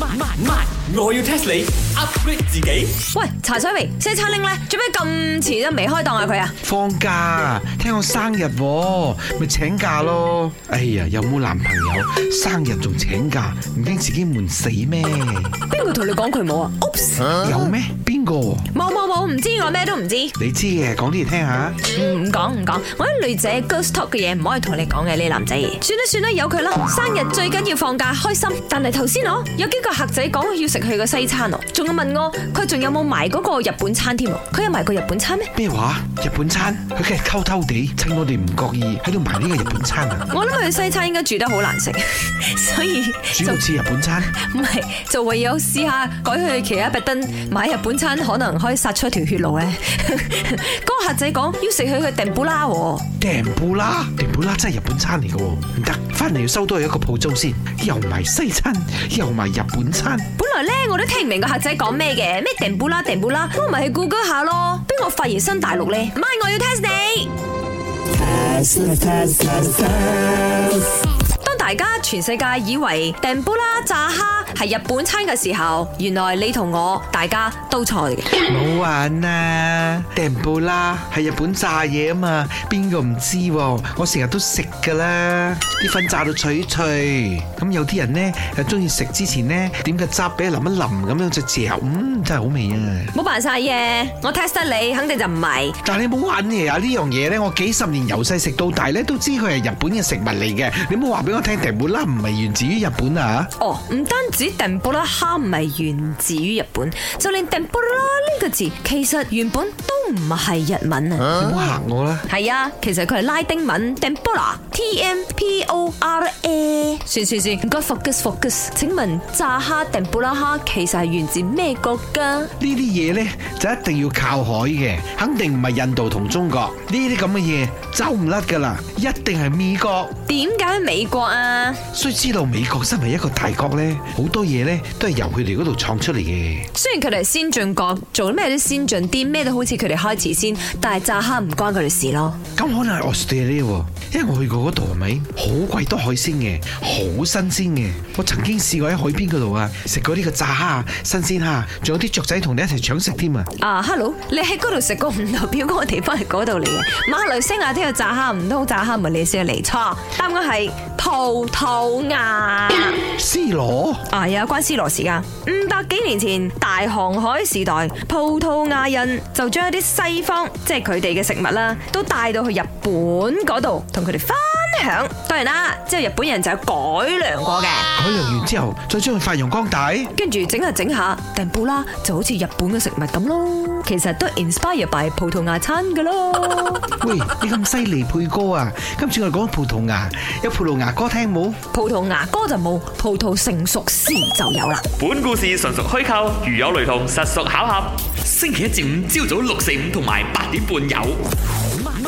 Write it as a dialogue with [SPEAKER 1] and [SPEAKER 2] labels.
[SPEAKER 1] m ine 我要 test 你 upgrade 自己。喂，茶水皮，西餐拎咧，做咩咁遲都未開檔啊佢啊？
[SPEAKER 2] 放假，聽我生日，咪請假咯。哎呀，有冇男朋友，生日仲請假，唔驚自己悶死咩？
[SPEAKER 1] 邊個同你講佢冇
[SPEAKER 2] 啊？ 有咩？邊個？
[SPEAKER 1] 唔知我咩都唔知，
[SPEAKER 2] 你知嘅講啲嚟聽下。
[SPEAKER 1] 唔講唔講，我啲女仔 girl talk 嘅嘢唔可以同你講嘅，呢男仔。算啦算啦，由佢啦。生日最緊要放假開心。但係頭先我有幾個客仔講要食佢個西餐哦，仲問我佢仲有冇埋嗰個日本餐添。佢有埋個日本餐咩？咩
[SPEAKER 2] 話？日本餐佢梗係偷偷地趁我哋唔覺意喺度埋呢個日本餐啊！我
[SPEAKER 1] 諗佢西餐應該煮得好難食，所以主要
[SPEAKER 2] 似日本餐。
[SPEAKER 1] 唔係就唯有試下改去其他特登買，買日本餐，可能可以殺出條血路咧，嗰 客仔講要食佢去定布拉喎，
[SPEAKER 2] 定布拉，定布拉真係日本餐嚟嘅喎。唔得，翻嚟要收多佢一個鋪租先，又埋西餐，又埋日本餐，
[SPEAKER 1] 本來咧我都聽唔明個客仔講咩嘅，咩定布拉定布拉，我咪去 Google 下咯，俾我發現新大陸咧，唔係，我要 test 你。大家全世界以為定布拉炸蝦係日本餐嘅時候，原來你同我大家都錯嘅。
[SPEAKER 2] 冇玩啦，定布拉係日本炸嘢啊嘛，邊個唔知？我成日都食噶啦，啲粉炸到脆脆。咁有啲人呢，又中意食之前呢，點個汁俾佢淋一淋咁樣就嚼，嗯，真係好味啊！
[SPEAKER 1] 冇扮晒嘢，我 test 得你
[SPEAKER 2] 肯定就唔係。但係你冇玩嘢啊，呢樣嘢咧，我幾十年由細食到大咧都知佢係日本嘅食物嚟嘅，你冇話俾我聽。天婦羅唔係源自於日本啊！
[SPEAKER 1] 哦，唔單止天婦羅蝦唔係源自於日本，就連天婦羅呢個字，其實原本都唔係日文啊！唔好嚇我啦！係啊，其實佢係拉丁文天婦羅 T M P 啊。R 算算算唔該，focus focus。請問炸蝦定布拉蝦其實係源自咩國家？呢啲嘢咧就一定要
[SPEAKER 2] 靠海嘅，肯定唔係印度同中國。呢啲咁嘅嘢走唔甩噶啦，一定係美國。點解美國啊？雖知道美國身為一個大國咧，好多嘢咧都係由佢哋嗰度創出嚟嘅。
[SPEAKER 1] 雖然佢哋係先進國，做咩都先進啲，咩都好似佢哋開始先，但係炸蝦唔關佢哋事咯。
[SPEAKER 2] 咁可能係 Australia。因為我去過嗰度係咪？好貴多海鮮嘅，好新鮮嘅。我曾經試過喺海邊嗰度啊，食過呢個炸蝦，新鮮蝦，仲有啲雀仔同你一齊搶食添啊！
[SPEAKER 1] 啊，Hello，你喺嗰度食過唔代表個地方係嗰度嚟嘅。馬來西亞啲嘅炸蝦唔通炸蝦唔係你理是嚟錯，答案係葡萄牙。斯羅羅係、啊、有關斯羅事㗎五百幾年前大航海時代，葡萄牙人就將一啲西方即係佢哋嘅食物啦，都帶到去日本嗰度。同佢哋分享，當然啦，之後日本人就有改良過嘅，
[SPEAKER 2] 改良完之後再將佢發揚光大，
[SPEAKER 1] 跟住整下整下，天婦羅，就好似日本嘅食物咁咯，其實都 inspire by 葡萄牙餐噶咯。
[SPEAKER 2] 喂，你咁犀利，配歌啊！今次我
[SPEAKER 1] 講葡萄牙，有葡萄牙歌聽冇？葡萄牙歌就冇，葡萄成熟時就有啦。本故事純屬虛構，如有雷同，實屬巧合。星期一至五朝早六四五同埋八點半有。